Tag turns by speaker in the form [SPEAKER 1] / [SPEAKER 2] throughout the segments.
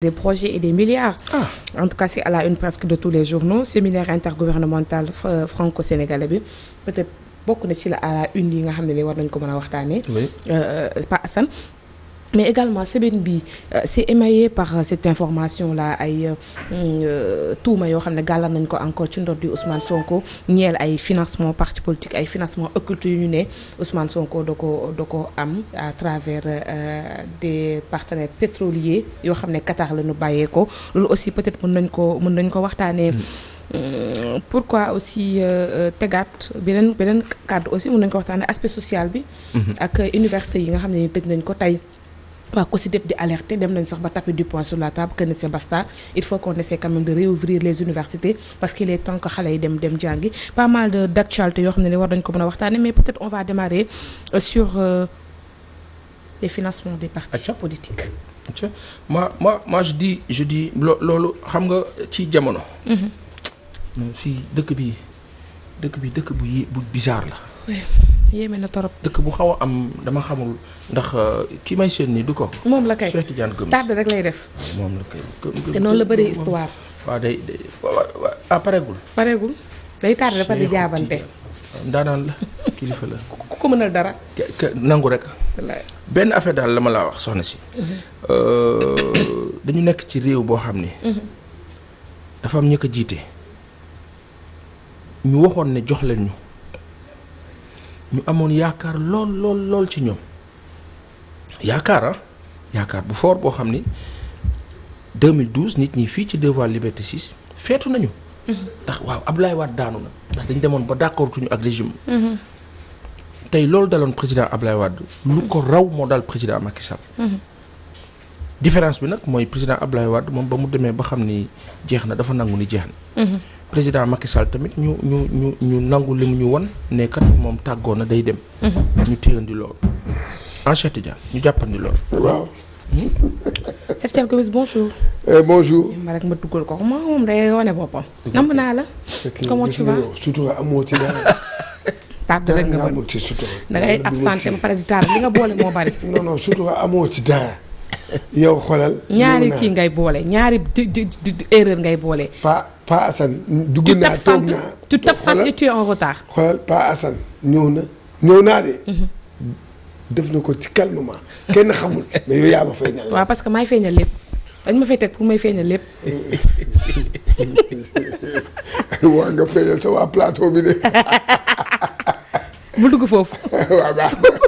[SPEAKER 1] des projet et des milliards. Ah. En tout cas, c'est à la une presque de tous les journaux. Séminaire intergouvernemental euh, franco-sénégalais bi peut-être bokk na ci la à la une yi nga xam ne war nañ ko mën a waxtaanee. Euh, euh, Pas Assane. mais également semaine bi euh, c'est émaillé par euh, cette information la ay euh, mm, tuuma yoo xam ne gàllal nañ ko encore ci ndodd di Ousmane Sonko ñeel ay financement parti politique ay financement occulte yu ñu ne Ousmane Sonko da ko da ko am à travers des partenaires pétroliers yoo xam ne Qatar la ñu bàyyee ko loolu aussi peut-être mën nañ ko mun nañ ko waxtaanee mm. Mm, pourquoi aussi tegaat beneen beneen cadre aussi mun nañ ko waxtaanee aspect social bi mm-hmm. ak université yi nga xam ne tëj nañ ko tey waaw ko si def di alerter dem nañ sax ba taper du poing sur la table que ne c'est basta il faut qu'on essaie quand même de réouvrir les universités parce qu'il est temps xale yi dem dem jàngi pas mal de d'actualité yoo xam ne war dañ ko mën a waxtaane mais peut-être on va démarrer euh, sur euh, les financements des partis politiques
[SPEAKER 2] atia moi moi moi je loolu xam nga ci jamono fii mhm. dëkk bi dëkk bi dëkk bu bu bizarre la yéeme na torop dëkk bu xaw am dama xamul ndax euh, ki may seen nii du ko. moom la kay Cheikh rek lay def. moom la kay te noonu la bëri histoire. waaw day day pareegul.
[SPEAKER 1] pareegul day tardé dafa di jaabante.
[SPEAKER 2] daanaan la kilifa la.
[SPEAKER 1] ku ko mënal dara.
[SPEAKER 2] nangu rek. benn affaire daal la ma laa wax soxna si. Mhm. Euh, dañu nekk ci réew boo xam ne mhm. dafa am ñu jiite. ñu waxoon ne jox leen ñu. ñu amoon yaakaar lool lool lool ci ñoom yaakaar ah yaakaar bu fort boo xam ni 2012 nit ñi fii ci devoir liberté 6 feetu nañu. Mm-hmm. ndax waaw Abdoulaye Wade daanu na ndax dañu demoon ba d'accord tuñu ak régime. Mm-hmm. tey loolu daloon président Abdoulaye Wade lu ko raw moo dal président Macky Sall. Mm-hmm. différence bi nag mooy président Abdoulaye Wade moom ba mu demee ba xam ni jeex na dafa nangu ni jeex na. président Macky Sall tamit ñu ñu ñu ñu nangu li mu ñu won ne moom tàggoo na day dem. Mhm. ñu téyandi loolu. en Cheikh ñu jàppandi loolu. waaw. Cheikh
[SPEAKER 1] Tidiane Gomis bonjour.
[SPEAKER 2] Eh, bonjour.
[SPEAKER 1] ma rek ma duggal ko moom day wane boppam. namb naa la.
[SPEAKER 2] comment tu vas
[SPEAKER 3] surtout amoo ci dara. tàdd rek nga amul ci surtout. da ngay absenté ba yow xoolal. ñaari kii ngay
[SPEAKER 1] boole ñaari di di erreur ngay boole. Paa Assane. dugg naa toog naa
[SPEAKER 3] tu t'absentes et tu es en retard. xoolal Paa ñëw na ñëw naa de. Mhm. def na ko ci calmement kenn xamul mais yow yaa feeñal.
[SPEAKER 1] waaw parce que maay feeñal lépp dañ ma fay teg pour may feeñal lépp.
[SPEAKER 3] waa nga feeñal sa waa plateau bi de. mu dugg foofu.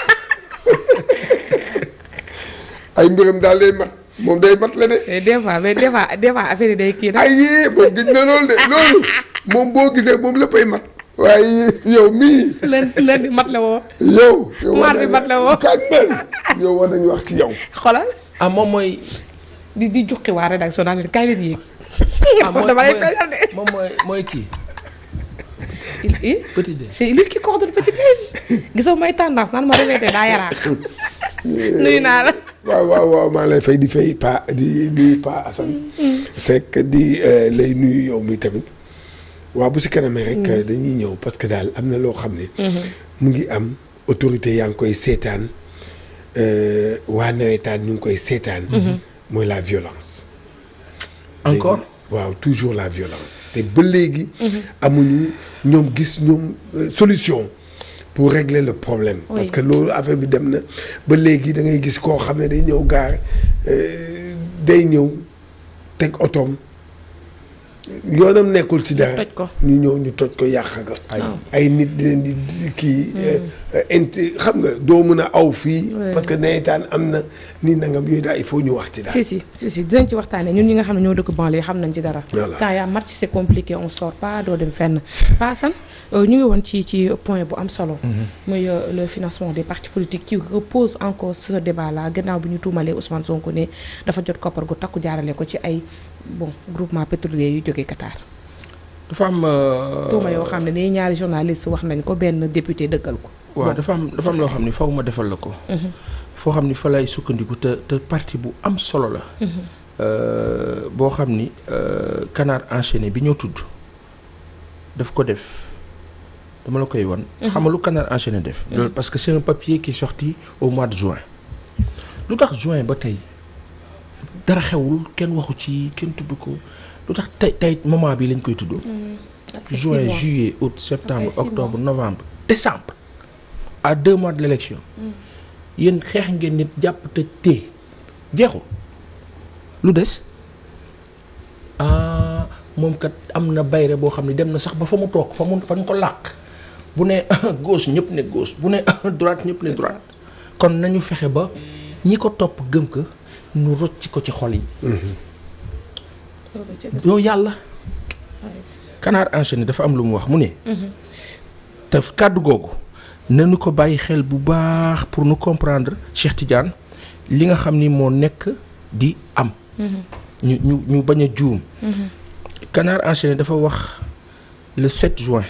[SPEAKER 3] ay mbiram daal day mat moom day mat la de. Eh, des fois mais des fois des fois affaire yi day kii nag. ay yee moom gis na loolu de loolu moom boo gisee moom léppay mat. waaye yow mii. lën lën mat la woo. yow. mat la woo kan yow war nañu wax ci yow. xoolal ah moom mooy.
[SPEAKER 1] di di juqi waa rédaction daal kay leen yéeg.
[SPEAKER 2] ah mooy moom mooy mooy kii.
[SPEAKER 1] il est petit déj c'est lui qui petit déj. gisoo may tendance naan ma réveillé daa yaraax.
[SPEAKER 3] nuyu naa la. waaw waaw waaw maa lay fay di fay pa di nuyu pa Assane Seck di euh, lay nuyu yow mi tamit waaw bu si kanamee rek mm. dañuy ñëw parce que daal am na loo xam ne mm-hmm. mu ngi am autorité yaa ngi koy seetaan euh, waa nawetaan ñu ngi koy seetaan mm-hmm. mooy la violence encore waaw toujours la violence te ba léegi mm-hmm. amuñu ñoom gis ñoom euh, solution pour régler le problème. parce que loolu affaire bi dem na ba léegi da ngay gis koo xam ne day ñëw gaar euh, day ñëw teg otoom. yoonam nekkul ci dara ñu ñëw ñu toj ko yàq ga ay nit di leen kii mm. eh, eh, xam nga doo mën a aw fii parce que am na nii nangam yooyu daal il faut ñu
[SPEAKER 1] dinañ ci waxtaanee ñun ñi nga xam ne ñoo dëkk banlieue xam nañ ci dara quand yaa match c'est compliqué on sort pas doo dem fenn paasan euh, ñu ngi woon ci ci point bu am solo mhm. muy euh, le financement des partis politiques qui repose encore ce débat là gannaaw bi ñu tuumalee Ousmane sonk ne dafa jot koppar gu takku jaarale ko ci ay bon groupement pétrolier yu jógee Qatar. dafa am. Euh, tuuma yoo xam ne nii ñaari journaliste wax nañ ko benn député dëggal ko. waaw dafa am dafa am loo xam
[SPEAKER 2] ni faw ma defal la ko. Mhm. foo xam ni fa lay sukkandiku te te partie bu am solo la. Mhm. Euh, boo xam ni euh, canard enchaîné bi ñoo tudd daf ko def dama la koy wan. Mhm. xamalu canard enchaîné def. loolu parce que c'est un papier qui est au mois de juin. lu tax juin ba tey. dara xewul kenn waxu ci kenn tudd ko lu tax tey tey moment bi lañ koy tudd. Mm. juin juillet aut septembre octobre novembre décembre. à deux mois de l'élection. Mm. yéen xeex ngeen nit jàpp te tee jeexul lu des ah moom kat am na bayre boo xam ne dem na sax ba fa mu toog fa mu fa ñu ko làq bu ne gauche ñëpp ne gauche bu ne droite ñëpp ne droite mm. kon nañu fexe ba ñi ko topp gëm ko. nu rocc ko ci xol yi. Mhm. yow yàlla. kanaar enchaîné dafa am lu mu wax mu ne. Mhm. te kàddu googu nañu ko bàyyi xel bu baax pour nu comprendre Cheikh Tidiane li nga xam ni moo nekk di am. Mhm. ñu ñu ñu bañ a juum. Canard enchaîné dafa wax le 7 juin.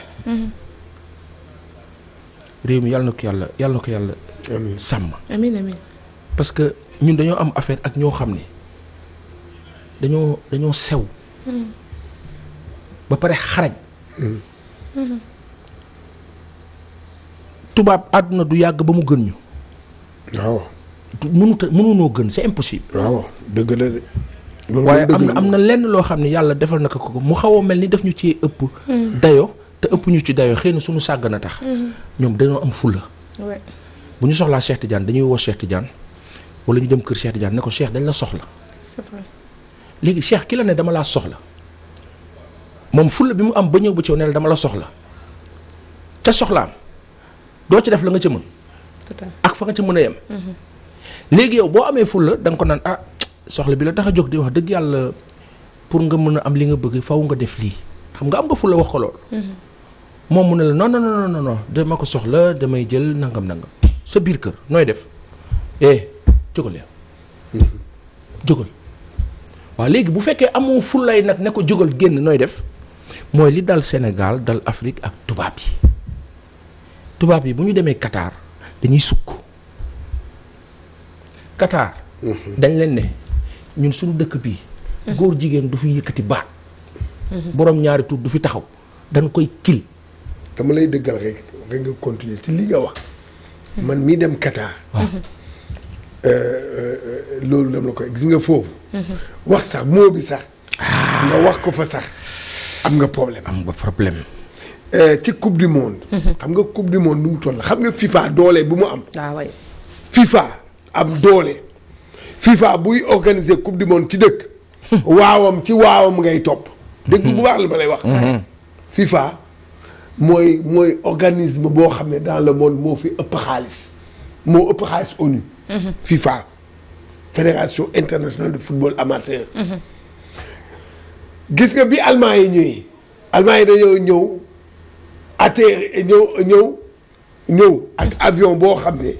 [SPEAKER 2] réew mi yàlla na ko yàlla sàmm. ñun dañoo am affaire ak ñoo xam ne dañoo dañoo sew. Hmm. ba pare xarañ. Hmm. Hmm. tubaab àdduna du yàgg ba mu gën ñu. waaw. mënut a gën c'est impossible. waaw waaye am na am na lenn loo xam ne yàlla defal na ko ko mu xaw a mel ni daf ñu ci ëpp. dayo te ëpp ñu ci dayo xëy na suñu sàgg na tax. ñoom dañoo am fulla. bu ñu soxlaa Cheikh Tidiane dañuy woo Cheikh wala ñu dem kër Cheikh Tidiane ne ko Cheikh dañ la soxla. léegi Cheikh ki la ne dama laa soxla moom fulla bi mu am ba ñëw ba ci ne la dama la soxla doo ci def la nga ca mën. ak fa nga ca mën a yem. Mm-hmm. léegi yow boo amee fulla da nga ko naan ah soxla bi la tax a jóg di wax dëgg yàlla pour nga mën a am li nga bëgg faw nga def lii xam nga am nga fulla wax ko lool. Mm-hmm. moom mu ne la non non non non dama ko soxla damay jël nangam nangam sa biir kër nooy def eh, jógal yow jógal waaw léegi bu fekkee amoo fullay nag ne ko jógal génn nooy def mooy li dal Sénégal dal Afrique ak tubaab yi tubaab yi bu ñu demee Qatar dañuy sukk Qatar mhm. dañ leen ne ñun suñu dëkk bi mhm. góor jigéen du fi yëkkati baat mhm. boroom ñaari tuut du fi taxaw dañ koy kil dama lay dëggal rek rek nga continuer ci li nga wax man mii dem
[SPEAKER 3] Qatar Euh, euh, euh, loolu dama la koy gis nga foofu. wax sax moo bi sax. nga wax ko fa sax am nga problème.
[SPEAKER 2] am nga problème.
[SPEAKER 3] ci coupe du monde. xam nga coupe du monde nu mu toll xam nga FIFA doole bu mu am. waaw ah, waay FIFA am doole. FIFA buy organiser coupe du monde ci dëkk. waawam ci waawam ngay topp. dëgg bu baax la ma lay wax. Mm-hmm. Mm-hmm. FIFA mooy mooy organisme boo xam ne dans le monde moo fi ëpp xaalis moo ëpp xaalis ONU. FIFA fédération internationale de football amateur. gis nga bi allemand yi ñëwee. allemand yi dañoo ñëw atterri ñëw ñëw ak avion boo xam ne.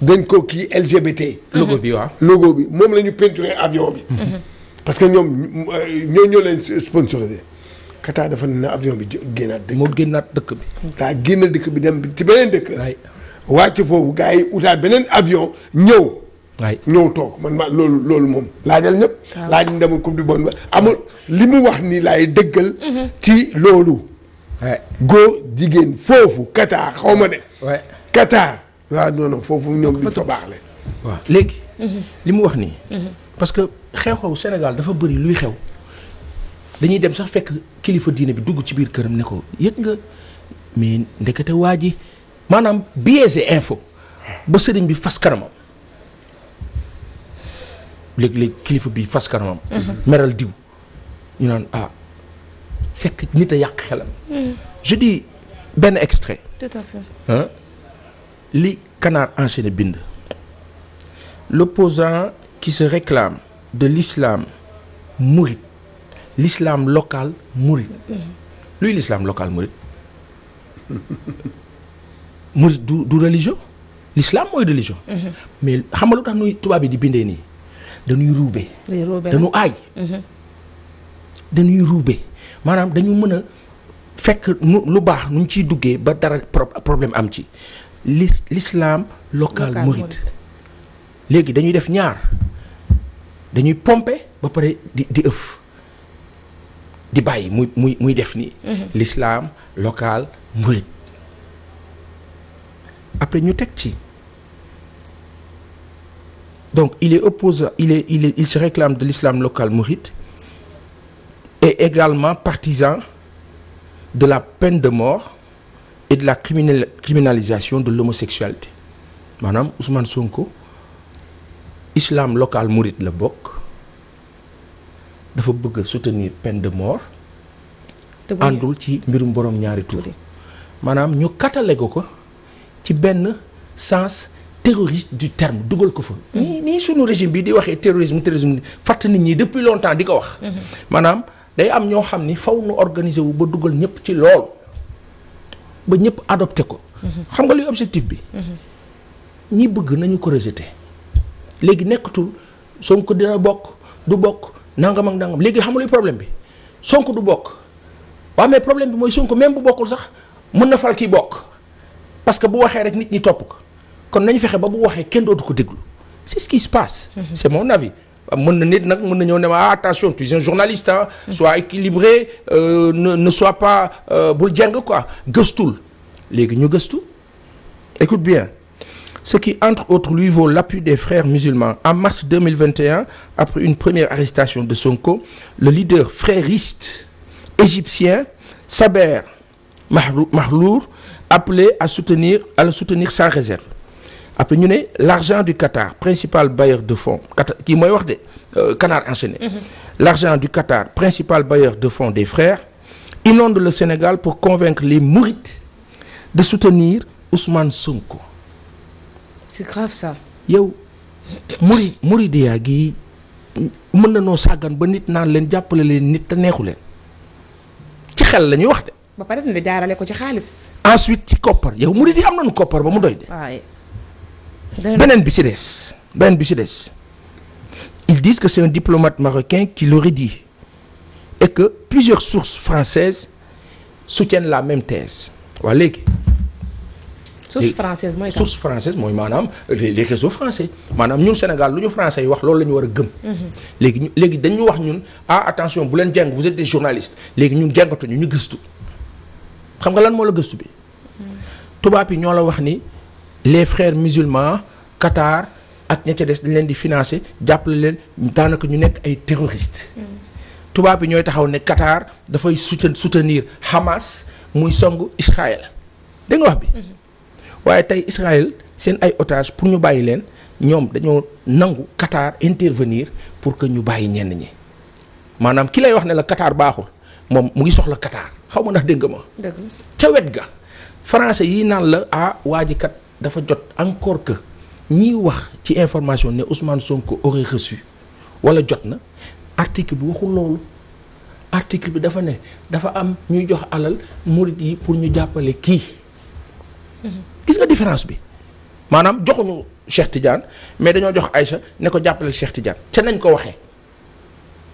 [SPEAKER 3] dañ ko kii LGBT. logo bi waaw logo bi moom la ñu avion bi. parce que ñoom ñoo ñoo leen sponsorisé. Qatar dafa ne avion bi génnaat dëkk. moo génnaat dëkk bi. daa génn dëkk bi dem ci beneen dëkk. wàcc foofu gars yi utaat beneen avion ñëw. waay ñëw toog man ma loolu loolu moom laajal ñëpp. waaw laaj ñu demul coupe du monde ba amul li mu wax nii laay dëggal. Mhm. ci loolu. góor jigéen foofu Qatar xaw ma de. waay Qatar. waaw ah,
[SPEAKER 2] foofu ñoom ñu fa baax le waaw léegi. Mhm. li mu wax nii. Mhm. parce que xew-xew Sénégal dafa bari luy xew. dañuy dem sax fekk kilifa diine bi dugg ci biir këram ne ko yëg nga mais ndekete waa ji maanaam biaisé info ba sëriñ bi fas kanamam léeg-léeg kilifa bi fas kanamam. Mhm. meral diw ñu naan ah fekk nit a yàq xelam. Mhm. je benn extrait. li Canard enchaîné bind. l'opposant qui se réclame de l'islam mouride l'islam local mouride mhm. luy l'islam local mouride mu du du religion l'islam mooy religion. Mhm. mais xam nga lu tax nuy tubaab yi di bindee nii dañuy ruube. dañu aay. Mhm. dañuy ruube maanaam dañu mën a fekk nu lu baax nu ñu ciy duggee ba dara problème am ci lis l'islam local léegi dañuy def ñaar dañuy pompe ba pare di di ëf di bàyyi muy muy muy def ni mhm. l'islam local mouride après ñu teg ci donc il est opposant il est il est il se réclame de l'islam local mouride et également partisan de la peine de mort et de la criminal criminalisation de l'homosexualité maanaam Ousmane Sonko islam local mouride la bokk dafa bëgg soutenir peine de mort. àndul ci mbirum borom ñaari tur. maanaam ñu katale ko ko. ci benn sens terroriste du terme dugal ko fa. Mhm. nii suñu sunu régime bi di waxee terrorisme terrorisme fàtt nit ñi depuis longtemps di ko wax. Mhm. maanaam day am ñoo xam ni faw nu organiser wu ba dugal ñëpp ci loolu ba ñëpp adopté ko. Mhm. xam nga luy objectif bi. ñi bëgg nañu ko rejeter. léegi nekkatul sonk dina bokk du bokk nangam ak nangam léegi xam nga luy problème bi Sonko du bokk waaw xamee problème bi mooy Sonko même bu bokkul sax mën na fal kii bokk. parce que bu waxee rek nit ñi topp ko kon nañu fexe ba bu waxee kenn dootu ko déglu c'est ce qui se passe. Mhm. c'est mon avis. Ah, mën na nit nag mën na ne ma ah, attention tu es un journaliste ah. sois équilibré euh, ne ne sois pas euh, bul jàng quoi gëstul léegi ñu gëstu. écoute bien ce qui entre autres lui vaut l'appui des frères musulmans en mars 2021 après une première arrestation de Sonko le leader frériste égyptien Saber Mahlour appelé à soutenir à le soutenir sans réserve après ñu ne l'argent du Qatar principal bailleur de fonds Qatar kii mooy wax de euh, Canard enchaîné mhm. l'argent du Qatar principal bailleur de fonds des frères inonde le Sénégal pour convaincre les murit de soutenir Ousmane Sonko
[SPEAKER 1] c'est grave ça
[SPEAKER 2] yow muri muridiyaa gi mën na noo sàggan ba nit naan leen jàppale leen nit te neexu leen ci xel la ñuy wax de
[SPEAKER 1] ba pare dina jaarale ko ci xaalis.
[SPEAKER 2] ensuite ci koppar yow murid yi am nañu koppar ba mu doy de. beneen bi ci des beneen bi ci des ils disent que c'est un diplomate marocain qui l'aurait dit et que plusieurs sources françaises soutiennent la même thèse waa léegi. source
[SPEAKER 1] française mooy source
[SPEAKER 2] française mooy maanaam les réseaux français maanaam ñun Sénégal lu ñu français yi wax loolu la ñu war a gëm. Mhm. léegi ñu léegi dañu wax ñun ah attention bu leen jàng vous êtes des journalistes léegi ñun ñu ñu gëstu. xam nga lan moo la gëstu bi tubaab yi ñoo la wax ni les frères musulmans Qatar ak ña ca des dañ leen di financer jàppale leen daanaka ñu nekk ay terroristes. tubaab yi ñooy taxaw ne Qatar dafay souten soutenir Hamas muy songu Israël danga wax bi. waaye tey Israël seen ay otages pour ñu bàyyi leen ñoom dañoo nangu Qatar intervenir pour que ñu bàyyi ñenn ñi maanaam ki lay wax ne la Qatar baaxul moom mu ngi soxla Qatar. xaw ma ndax dégg ma. ca wet ga français yi naan la ah waa ji dafa jot encore que ñiy wax ci information ne Ousmane sonk aurait reçu wala jot na article bi waxul loolu article bi dafa ne dafa am ñuy jox alal murit yi pour ñu jàppale kii. Mm-hmm. gis nga différence bi maanaam joxuñu Cheikh Tidiane mais dañoo jox Aïcha ne ko jàppale Cheikh Tidiane ca nañ ko waxee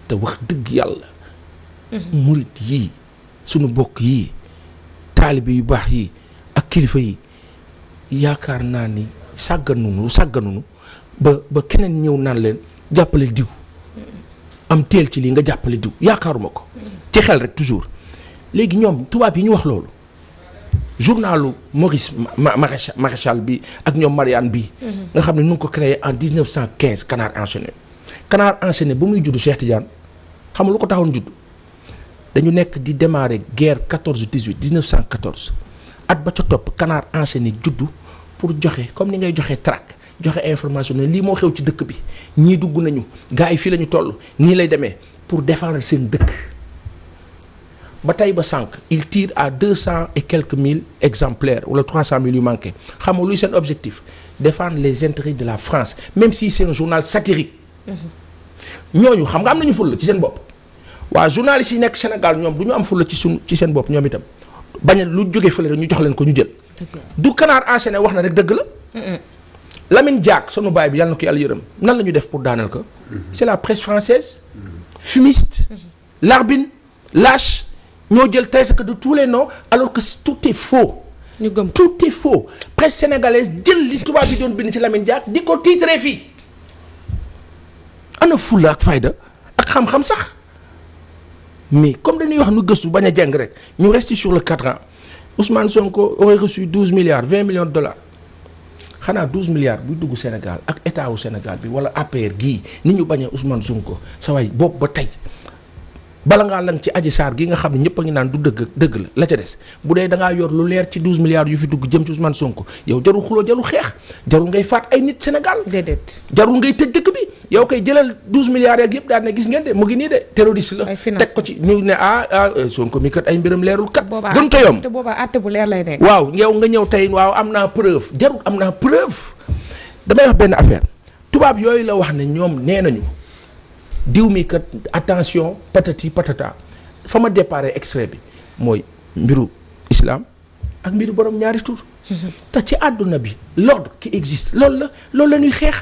[SPEAKER 2] te wax dëgg yàlla. Mm-hmm. murit yii. sunu bokk yi taalibe yu baax yi ak kilifa yi yaakaar naa ni sàgganunu sàgganunu ba ba keneen ñëw naan leen jàppale diw am teel ci lii nga jàppale diw yaakaaruma ko ci xel rek toujours léegi ñoom tubaab yi ñu wax loolu journalu Maurice Maréchal Maréchal bi ak ñoom Marianne bi mhm. nga xam ne nu ko créé en 1915 Canard enchaîné Canard enchaîné ba muy juddu Cheikh Tidiane xam lu ko taxoon juddu dañu nekk di démarrer guerre 14 18 1914 at ba ca topp kanaar Canard enchaîné juddu pour joxe comme ni ngay joxe tract joxe information ne lii moo xew ci dëkk bi ñii dugg nañu gars yi fii la ñu toll nii lay demee pour défendre seen dëkk ba tey ba sànq il tire à deux cent et quelques mille exemplaires wala trois cent mille yu manqué xam luy seen objectif défendre les intérêts de la France même si c'est un journal satirique
[SPEAKER 4] mm-hmm.
[SPEAKER 2] ñooñu xam nga am nañu fulla ci seen bopp waa journaliste yi nekk Sénégal ñoom du ñu am fulla ci suñ ci seen bopp ñoom itam bañ lu jógee fële rek ñu jox leen ko ñu jël. du canard enchaîné wax na rek dëgg la. Lamine Diack sunu baay bi yàlla na ko yàlla yërëm nan la ñu def pour daaneel ko. Mm-hmm. c'est la presse française mm-hmm. fumiste. Mm-hmm. larbine lâche ñoo jël traité que de tous les noms alors que tout est faux. ñu gëm tout est faux presse sénégalaise jël li tubaab bi doon bind ci Lamine Diack di ko titré fii. na fulla ak fayda ak xam sax. mais comme dañuy wax nu gëstu bañ a jàng rek ñu reste sur le quatre ans Ousmane Sonko aurait reçu douze milliards vingt millions de dollars xanaa douze milliards buy dugg Sénégal ak état wu Sénégal bi wala APR gii ni ñu bañee Ousmane Sonko sa waay bopp ba tey. bala ngaa lan ci aji saar gi nga xam ne ñëpp a ngi naan du dëgg dëgg la la ca des bu dee da ngaa yor lu leer ci 12 milliards yu fi dugg jëm ci Ousmane Sonko yow jarul xuloo jarul xeex jarul ngay faat ay nit Sénégal déedéet jarul ngay tëj dëkk bi yow koy jëlal 12 milliards yeeg yëpp daal ne gis ngeen de mu ngi nii de terroriste la ko ci ñu ne ah ah euh, mi kat ay mbiram leerul kat gën ko yomb
[SPEAKER 1] boobaa àtte bu leer lay nekk waaw
[SPEAKER 2] yow nga ñëw tey waaw am naa preuve jarul am naa preuve damay wax benn affaire tubaab yooyu la wax ne ñoom nee nañu diw mi attention patati patata fa ma déparé extrait bi mooy mbiru islam ak mbiru borom ñaari tur te ci àdduna bi l'ordre qui existe loolu la loolu la ñuy xeex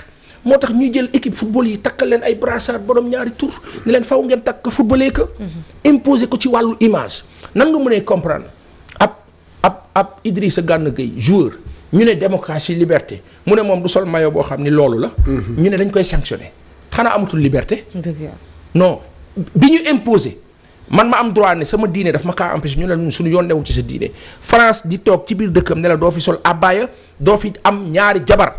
[SPEAKER 2] moo tax ñuy jël équipe football yi takk leen ay brassard borom ñaari tur ne leen faw ngeen takk footballee ko imposer ko ci wàllu image nan nga mënee comprendre ab ab ab Idrissa Gana Gueye joueur ñu ne démocratie liberté mu ne moom du sol maillot boo xam ni loolu la mm-hmm. ñu ne dañ koy sanctionner xanaa amatul liberté. no bi ñu imposé man ma am droit ne sama diine daf ma kaa empêché ñu ne ñun yoon newu ci sa diine France di toog ci biir dëkkam ne la doo fi sol abaya doo fi am ñaari jabar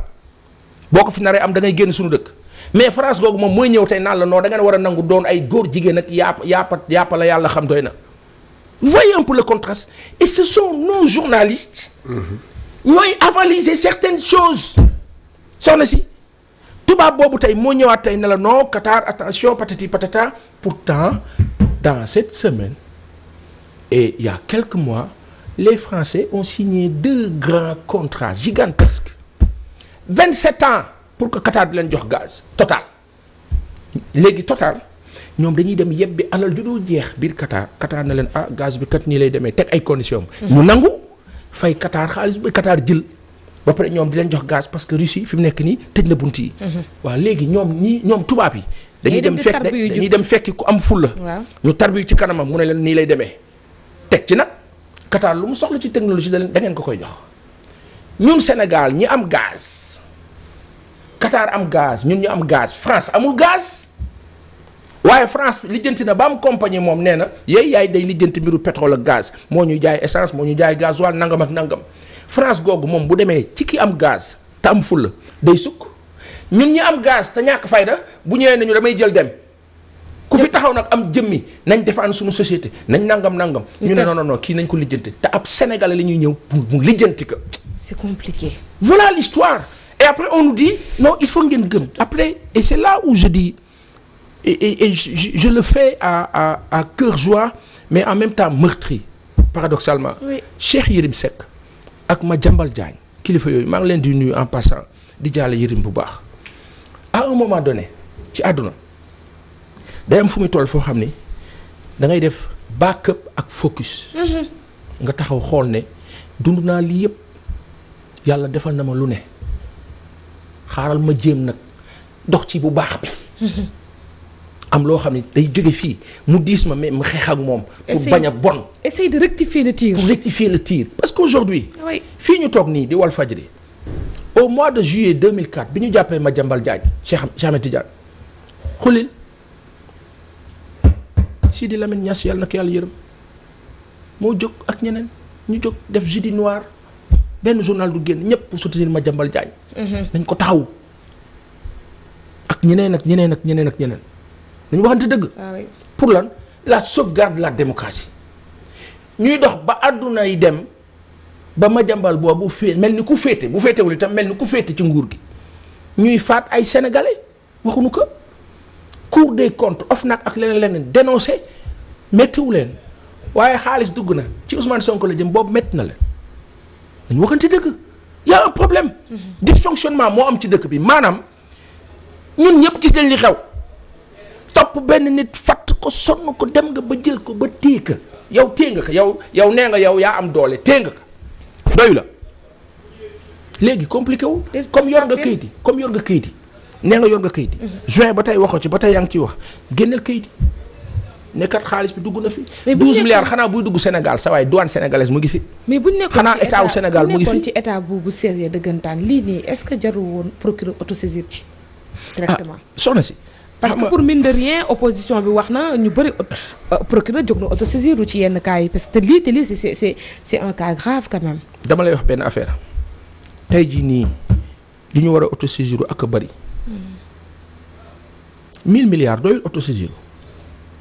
[SPEAKER 2] boo ko fi naree am da ngay génn suñu dëkk. mais France googu mooy ñëw tey naan la non da war a nangu doon ay góor jigéen ak yaap yaapa la yàlla xam doy na voyez un peu le contraste et ce sont nos journalistes.
[SPEAKER 4] Mm-hmm.
[SPEAKER 2] ñooy avaliser certaines choses soxna si. tubaab boobu tey moo ñëwaat tey ne la non Qatar attention patati patata pourtant dans cette semaine et il y a quelques mois les Français on signé deux grands contrats gigantesques vingt sept ans pour que Qatar di leen jox gaz Total léegi Total ñoom dañuy dem bi alal ju dul jeex biir Qatar Qatar na leen ah gaz bi kat nii lay demee teg ay conditions mhm. ñu nangu fay Qatar xaalis bi Qatar jël ba pare ñoom di leen jox gaz parce que Russie fi mu nekk nii tëj na bunt yi. Mhm. waaw léegi ñoom ñii ñoom tubaab yi. dañuy dem fekk dañuy dem fekki ku am fulla ñu tarbiyu ci kanamam mu ne leen nii lay demee. teg ci nag Qatar lu mu soxla ci technologie da ngeen ko koy jox ñun Sénégal ñi am gaz Qatar am gaz ñun ñu am gaz France amul gaz. waaye France lijjanti na ba am compagnie moom nee na yooyu yaay day lijjanti mbiru pétrole ak gaz moo ñuy jaay essence moo ñuy jaay gasoil nangam ak nangam. France googu moom bu demee ci ki am gaz te am fulla day sukk ñun ñi am gaz te ñàkk fayda bu ñëwee nañu damay jël dem ku fi taxaw nag am jëmmi nañ defaan suñu société nañ nangam nangam. ñu ne non non kii nañ ko lijjanti te ab sénégalais la ñuy ñëw mu lijjanti ko.
[SPEAKER 1] c'est compliqué.
[SPEAKER 2] voilà l'histoire et après on nous dit non il faut ngeen gën après et c'est là où je dis je, le fais à à à cœur joie mais en même temps meurtri paradoxalement. oui Cheikh Yérim Seck. ak jàmbal Diagne kilifa yooyu maa ngi leen di nuyu en passant di jaale Yérim bu baax à un moment ci àdduna day am fu muy toll foo xam ni da ngay def backup ak focus. Mhm. nga taxaw xool ne dund naa lii yëpp yàlla defal na ma lu ne xaaral ma jéem nag dox ci bu baax bi. Mhm. am loo xam ne day jóge fii mu diis ma mais mu xeex ak moom. pour bañ a bon. essaye de rectifier le tir. parce que aujourd'hui fii ñu toog nii di wall Walf Fadjri au mois de juillet 2004 bi ñu jàppee Madiambal Diagne Cheikh Cheikh Ahmed Tidiane xulil Sidi Lamine Niass yàlla na yàlla yërëm moo jóg ak ñeneen ñu jóg def jeudi noir benn journal du génn ñëpp pour ma Madiambal Diagne. Mhm. nañ ko taxaw ak ñeneen ak ñeneen ak ñeneen ak ñeneen. nañu waxante dëgg. Ah pour lan la sauvegarde de la démocratie. ñuy dox ba àdduna yi dem ba ma jambal boobu fee mel ni ku féete bu féetewul itam mel ni ku féete ci nguur gi ñuy faat ay sénégalais waxuñu ko cour des comptes nag ak leneen leneen dénoncé méttiwu leen waaye xaalis dugg na ci Ousmane Sonko la jëm boobu métti na leen dañu waxante dëgg y problème. Mm-hmm. dysfonctionnement moo am ci dëkk bi maanaam ñun ñëpp gis leen li xew. topp benn nit fatt ko sonn ko dem nga ba jël ko ba téye ka yow téye nga yow yow nee nga yow yaa am doole téye nga ko doyu la léegi compliqué wu comme yor nga kayit comme yor nga kayit yi nee nga yor nga kayit mm-hmm. juin ba tey waxoo ci ba tey yaa ngi ciy wax génneel kayit yi nekkat xaalis bi dugg na fi. mais 12 milliards xanaa buy dugg Sénégal sa waay douane sénégalaise mu ngi fi. mais bu ñu xanaa état wu Sénégal mu ngi fi ci
[SPEAKER 1] état bu bu sérieux dëggantaan lii nii est-ce que jarul woon procureur autosaisir ci.
[SPEAKER 2] directement ah, soxna si. parce que pour
[SPEAKER 1] mine de rien opposition bi wax na ñu bëri euh, procureur jóg na autosaisir ci yenn cas yi parce que lii te lii c'est c'est c'est un cas grave quand
[SPEAKER 2] dama lay wax benn affaire tey jii nii li ñu war a autosaisir ak bëri. 1000 hmm. milliards doyul autosaisir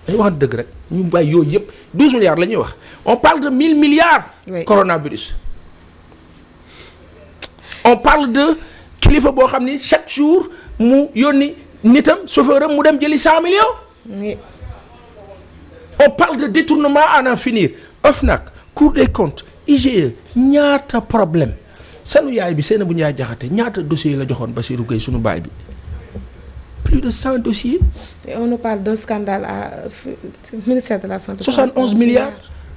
[SPEAKER 2] dañu wax dëgg rek ñu bàyyi yooyu yëpp 12 milliards la ñuy wax on parle de 1000 milliards. Oui. coronavirus. on parle de kilifa boo xam ni chaque jour mu yónni. nitam chauffeur am mu dem jëli cent millions. on parle de détournement à en finir OFNAC Cour des comptes IGE ñaata problème sanu yaay bi Seynabou Ndiaye jaxate ñaata dossiers la joxoon Bassirou Gueye sunu baay bi plus de cent dossiers.
[SPEAKER 1] et on nous parle d'un euh, la santé. 71 milliards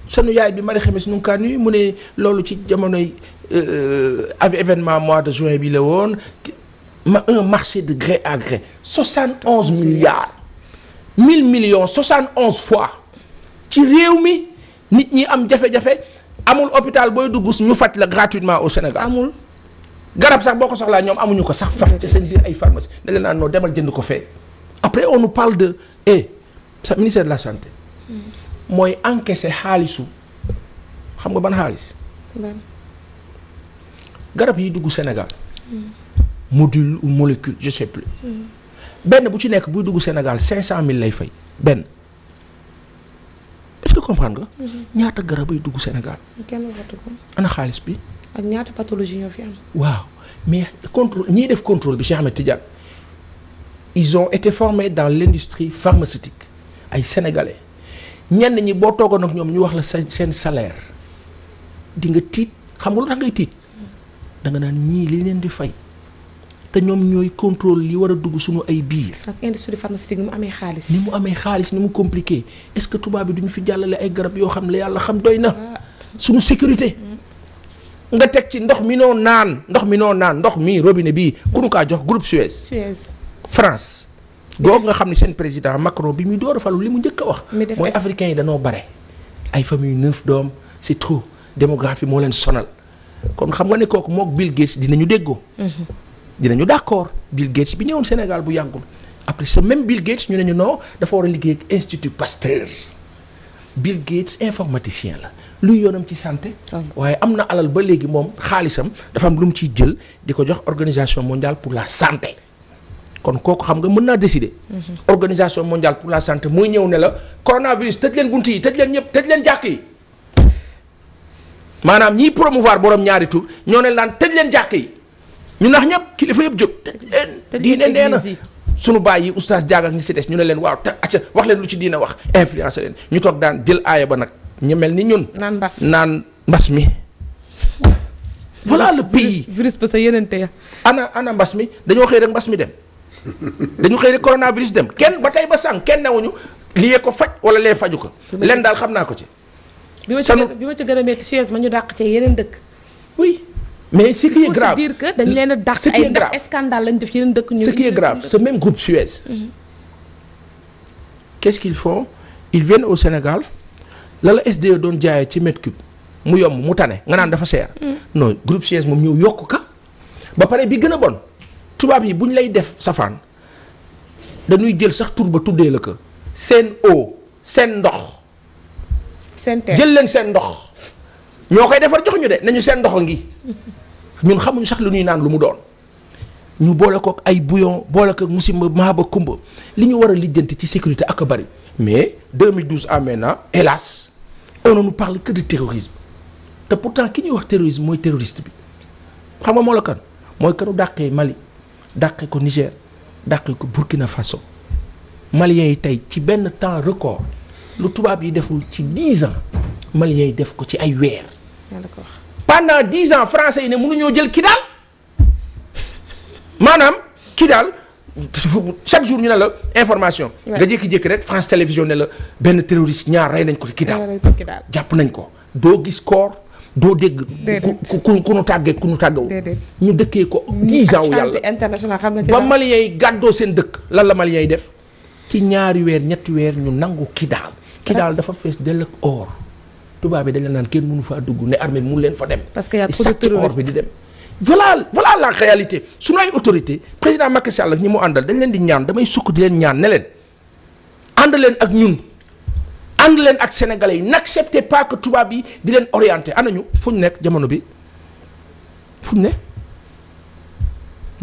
[SPEAKER 2] sanu yaay bi Marie Xemes nu mu ne loolu ci jamonoy euh, euh, avec événement mois de juin bi la woon. ma un marché de gré à gré soixante onze milliards mille millions soixante onze fois ci réew mi nit ñi am jafe-jafe amul hôpital booy dugg ñu faj la gratuitement au Sénégal amul garab sax boo ko soxlaa ñoom amuñu ko sax faf ci seen biir ay pharmacie da leen naan noo demal jënd ko fee après on nous parle de eh sa ministère de la santé hmm. mooy encaisser xaalisu xam nga ban xaalis garab yi dugg Sénégal hmm. module ou molécule je sais mm. benn bu ci nekk buy dugg Sénégal 500000 lay fay benn est-ce que comprendre nga. Mm-hmm. ñaata garab ay dugg Sénégal. kenn ana xaalis bi.
[SPEAKER 1] ak ñaata pathologie ñoo fi
[SPEAKER 2] waaw mais contrôle ñiy def contrôle bi Cheikh Ahmed Tidiane ils ont été formés dans l'industrie pharmaceutique ay sénégalais ñenn ñi boo toogoon ak ñoom ñu wax la seen salaire di nga tiit xam nga lu tax ngay tiit
[SPEAKER 4] mm.
[SPEAKER 2] da nga naan ñii li leen di fay. te ñoom ñooy contrôle li war a dugg suñu ay biir. ak
[SPEAKER 1] industrie pharmaceutique ni mu amee xaalis. ni mu amee
[SPEAKER 2] xaalis ni mu compliqué est-ce que tubaab bi duñu fi jàllale ay garab yoo xam ne yàlla xam doy na. Ah. suñu sécurité. Mm. nga teg ci ndox mi noo naan ndox mi noo naan ndox mi robinet bi ku nu kaa jox groupe Suez. Suez France. googu nga xam ne seen président Macron bi muy door a falu li mu njëkk a wax. mooy africain yi danoo bare. ay famille neuf doom c'est trop démographie moo leen sonal kon xam nga ne kooku mook Bill Gates dinañu déggoo. Mm-hmm. dinañu d'accord Bill Gates bi ñëwoon Sénégal bu yàggul après ce même Bill Gates ñu ne ñu non dafa war a liggéey ak institut Pasteur Bill Gates informaticien la luy yoonam ci santé. Ah. waaye am na alal ba léegi moom xaalisam dafa am lu mu ciy jël di ko jox organisation mondiale pour la santé. kon kooku xam nga mën naa décider. Mhm. organisation mondiale pour la santé muy ñëw ne la coronavirus tëj leen bunt yi tëj leen ñëpp tëj leen jàkk yi. maanaam ñiy promouvoir borom ñaari tur ñoo ne laan tëj leen jàkk yi. ñu nax ñëpp kilifa yëpp jóg. te eh, diine nee na sunu baay yi oustaz jaagas ñi si des ñu ne leen waaw te acca wax leen lu ci diine wax influencé leen ñu toog daan jël aaya ba nag ñu mel ni ñun. naan mbas naan mbas mi. voilà le pays virus ba sa yeneen ya ana ana mbas mi dañoo xëy rek mbas mi dem dañu xëy rek coronavirus dem kenn ba tey ba sànq kenn newuñu liyee ko faj wala lee faju ko. leen daal xam naa ko ci. sanu bi ma ci gën a métti chaise
[SPEAKER 1] ma ñu dàq ci yeneen dëkk. mais ce qui dañ leen a dàq ay ndax scandale lañ def ci yeneen ñu ce qui est grave ce
[SPEAKER 2] même groupe Suez mhm. qu'est-ce qu'ils font au Sénégal lala la SDE doon jaayee ci mètre cube mu yomb mu tane nga naan dafa seer mhm. non groupe Suez moom ñëw yokk ka ba pare bi gën a bon tubaab yi bu ñu lay def safaan dañuy jël sax tur ba tuddee la ko seen eau seen ndox jël leen seen ndox ñoo koy defar jox ñu de nañu seen ndox ngi ñun xamuñu sax lu ñuy naan lu mu doon ñu boole kook ay bouillon boole kook musimba maaba kumba li ñu war a lijjanti ci sécurité ak bari mais 2012 à maintenant hélas on ne nous parle que de terrorisme te pourtant ki ñuy wax terrorisme mooy terroriste bi xam nga moo la kan mooy kanu dàqee Mali dàqee ko Niger dàqee ko Burkina Faso maliens yi tey ci benn temps record lu tubaab yi deful ci 10 ans maliens yi def ko ci ay weer pendant dix ans français yi ne mënuñoo jël ki maanaam ki daal chaque jour ñu ne la information. nga jékki-jékki rek France télévision ne la benn terroriste ñaar rey nañ ko ki daal. jàpp nañ ko doo gis koor doo dégg. ku ku ku nu tàggee ku nu tàggawu. ñu dëkkee ko dix ans. wu yàlla international xam ba Maliens gàddoo seen dëkk lan la Maliens def. ci ñaari weer ñetti weer ñu nangu ki daal. ki daal ah. dafa fees dell ak or. tubaab bi dañ la naan kenn mënu faa dugg ne armée bi mënu leen fa dem. parce que y' a trop de terroristes bi di dem. voilà voilà la réalité sunu ay autorité président Macky Sall ak ñi mu àndal dañ leen di ñaan damay sukk di leen ñaan ne ànd leen ak ñun ànd leen ak sénégalais yi n'acceptez pas que tubaab yi di leen orienté ana ñu fu ñu nekk jamono bi fu ñu ne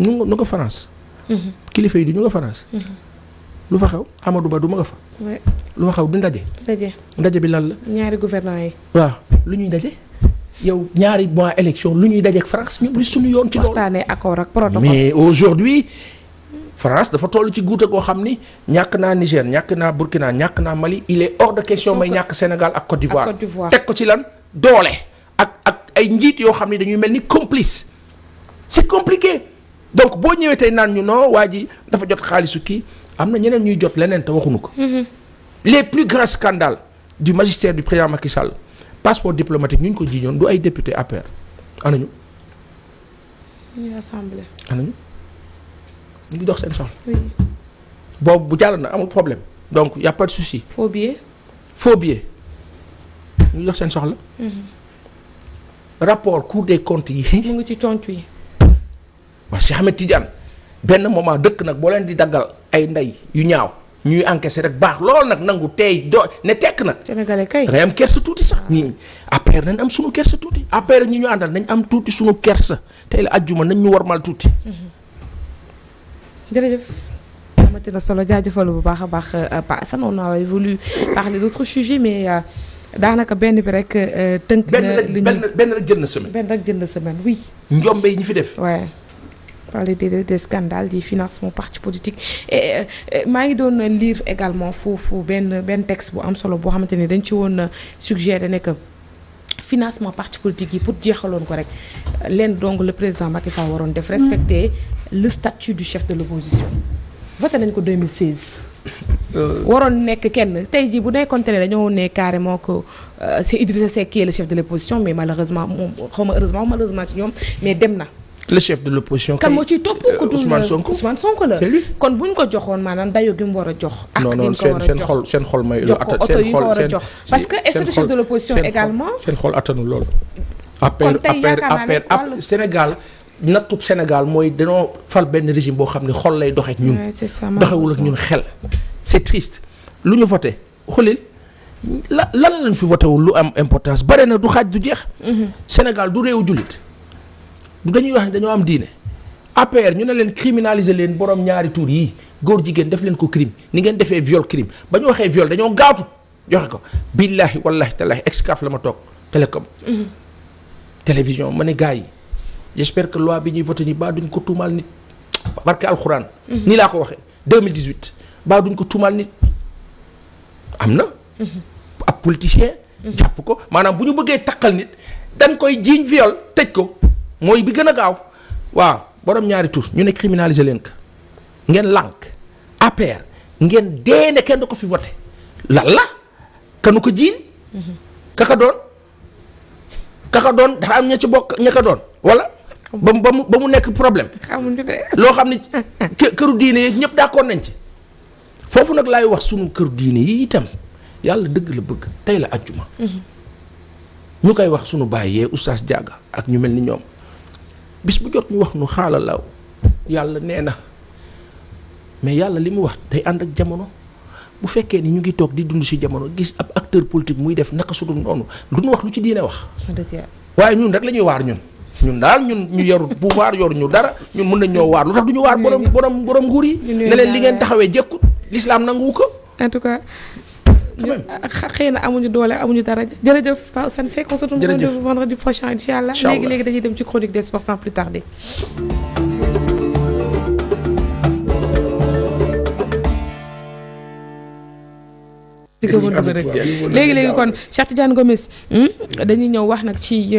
[SPEAKER 2] ñu nga ñu nga France. Mhm. kilifa yi du ñu nga France. Mhm. lu fa xew Amadou Ba du ma nga fa. lu fa xew du ndaje. ndaje ndaje bi lan la. ñaari gouvernement yi. waa lu ñuy daje. yow ñaari mois élection lu ñuy daje ak France yoon ci loolu. waxtaanee accord ak protocole mais aujourd'hui France dafa toll ci guute koo xam ni ñàkk naa Niger ñàkk naa Burkina ñàkk naa Mali il est de question may ñàkk Sénégal ak Côte d'Ivoire teg ko ci lan doole ak ak ay njiit yoo xam ni dañuy mel ni complice c'est compliqué donc boo ñëwee tey naan ñu noo waa ji dafa jot xaalisu kii. am na ñeneen ñuy jot leneen te waxuñu ko. Mhm. les plus grands scandales du magistère du président Macky Sall passeport diplomatique ñu ñu ko jiiñoon du ay député APR anañu. ñu assemblée. anañu ngi dox seen soxla. boobu bu jàll na amul problème donc y' a pas de souci. faux billet. ñu ngi seen soxla. Mhm. rapport cour des comptes yi. mu ci tontu yi. waa Cheikh Ahmed Tidiane benn moment dëkk nag boo leen di daggal. ay ndey yu ñaaw ñuy encaissé rek baax loolu nag nangu tey doo ne tekk nag. Sénégalais kay dangay am sa tuuti sax ñii après nañ am sunu kersa tuuti après ñi ñu àndal nañ am tuuti sunu kersa tey la ajjuma nañ ñu warmal tuuti.
[SPEAKER 4] Mm-hmm.
[SPEAKER 1] jërëjëf. amati na solo jaajëfalu bu baax a baax euh, euh, Pa Assane on a voulu parler d'autres sujets mais euh, daanaka benn bi rek. tënk na benn benn
[SPEAKER 2] benn rek jënd semaine.
[SPEAKER 1] benn rek jënd semaine oui. njombe yi ñu fi def. parler des des scandales des financement parti politique et euh, euh, maa ngi doon liir également foofu benn benn texte bu am solo boo xamante ne dañ ci woon euh, suggérer ne que financement parti politique yi pour jeexaloon ko rek leen donc le président Macky Sall waroon def respecter le statut du chef de l'opposition voté nañ ko 2016 waroon nekk kenn tey jii bu nekkoonte ne dañoo ne carrément que c'est Idrissa Seck qui est le chef de l'opposition mais malheureusement moom xaw ñoom mais dem na
[SPEAKER 2] le chef de l'opposition kan moo
[SPEAKER 1] ciy topp ku dul la kon bu ñu ko joxoon maanaam dayo gi mu war a jox ak non non seen seen xol
[SPEAKER 2] seen xol may jox ko oto yi a jox parce que est-ce que le chef loolu appel appel appel Sénégal nattub Sénégal mooy dañoo fal benn régime boo xam ne xol lay doxee ñun doxewul ak ñun xel c'est triste lu ñu voté xulil la lan lañ fi voté wul lu am importance bare na du xaaj du jeex mm-hmm. Sénégal du réew jullit du dañuy wax ni dañoo am diine APR ñu ne leen criminaliser leen borom ñaari tur yii góor jigéen def leen ko crime ni ngeen defee viol crime ba ñu waxee viol dañoo gaatu joxe ko billahi wallahi talahi excaf la ma toog télécom mm-hmm. télévision ma ne gars yi j'espère que loi bi ñuy voté ni baa duñ ko tuumaal nit barke alxuraan mm-hmm. nii laa ko waxee 2018 baa duñ ko tuumaal nit am na mm-hmm. ab politicien jàpp ko maanaam bu ñu bëggee taqal nit dañ koy jiiñ viol tëj ko mooy bi gën a gaaw waaw boroom ñaari tur ñu ne criminaliser leen ko ngeen lànk APR ngeen dee ne kenn du ko fi voté lan la kanu ko jiin. kaka doon kaka am ña ci bokk ña ka doon wala. ba mu ba mu nekk problème. loo xam ne këru diine yi ñëpp d'accord nañ ci. foofu nag lay wax sunu këru diine yi itam yàlla dëgg la bëgg tey la ajjuma. Mm-hmm. ñu koy wax sunu baay yee oustaz Diaga ak ñu mel ni ñoom. bis bu jot ñu wax nu xaala law yàlla nee na mais yàlla li mu wax day ànd ak jamono bu fekkee ni ñu ngi toog di dund si jamono gis ab acteur politique muy def naka su dul noonu lu ñu wax lu ci diine wax. waaye ñun rek la waar ñun. ñun daal ñun ñu yor pouvoir yor ñu dara ñun mun nañ ñoo waar lu tax du ñu waar borom borom borom nguur yi. ne leen li ngeen taxawee jékkut l'islam nanguwu ko.
[SPEAKER 1] Euh, xëy na amuñu doole amuñu dara jërëjëf Pao Sané kon se retrouve vendredi prochain incha allah léegi léegi dañuy dem ci chronique des sports sans plus tarder léegi léegi kon
[SPEAKER 4] Cheikh Tidiane Gomis hmm? dañuy ñëw wax nag ci